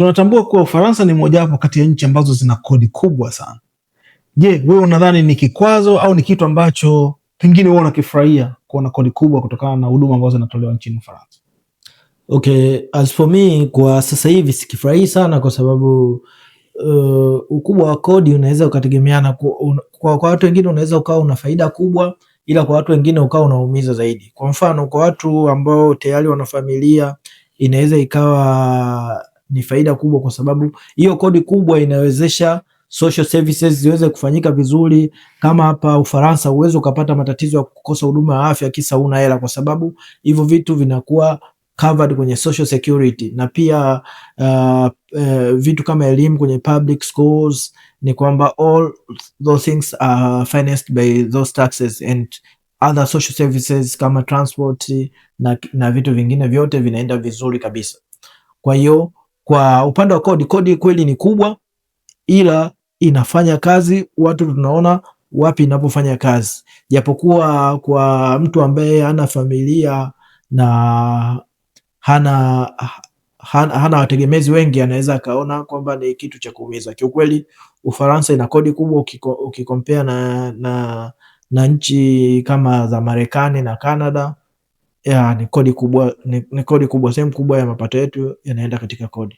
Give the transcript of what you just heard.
Tunatambua kuwa Ufaransa ni mojawapo kati ya nchi ambazo zina kodi kubwa sana. Je, wewe unadhani ni kikwazo au ni kitu ambacho pengine wewe unakifurahia kuona kodi kubwa kutokana na huduma ambazo zinatolewa nchini Ufaransa? Okay, as for me, kwa sasa hivi sikifurahii sana kwa sababu uh, ukubwa wa kodi unaweza ukategemeana. Kwa watu wengine unaweza ukawa una faida kubwa, ila kwa watu wengine ukawa unaumiza zaidi. Kwa mfano, kwa watu ambao tayari wana familia inaweza ikawa ni faida kubwa, kwa sababu hiyo kodi kubwa inawezesha social services ziweze kufanyika vizuri. Kama hapa Ufaransa, uwezo ukapata matatizo ya kukosa huduma ya afya kisa una hela, kwa sababu hivyo vitu vinakuwa covered kwenye social security. Na pia uh, uh, vitu kama elimu kwenye public schools ni kwamba all those things are financed by those taxes and other social services kama transport na, na vitu vingine vyote vinaenda vizuri kabisa. Kwa hiyo kwa upande wa kodi, kodi kweli ni kubwa, ila inafanya kazi, watu tunaona wapi inapofanya kazi, japokuwa kwa mtu ambaye hana familia na hana hana, hana wategemezi wengi anaweza akaona kwamba ni kitu cha kuumiza kiukweli. Ufaransa ina kodi kubwa ukikompea na, na, na nchi kama za Marekani na Canada ya, ni kodi kubwa, ni, ni kodi kubwa. Sehemu kubwa ya mapato yetu yanaenda katika kodi.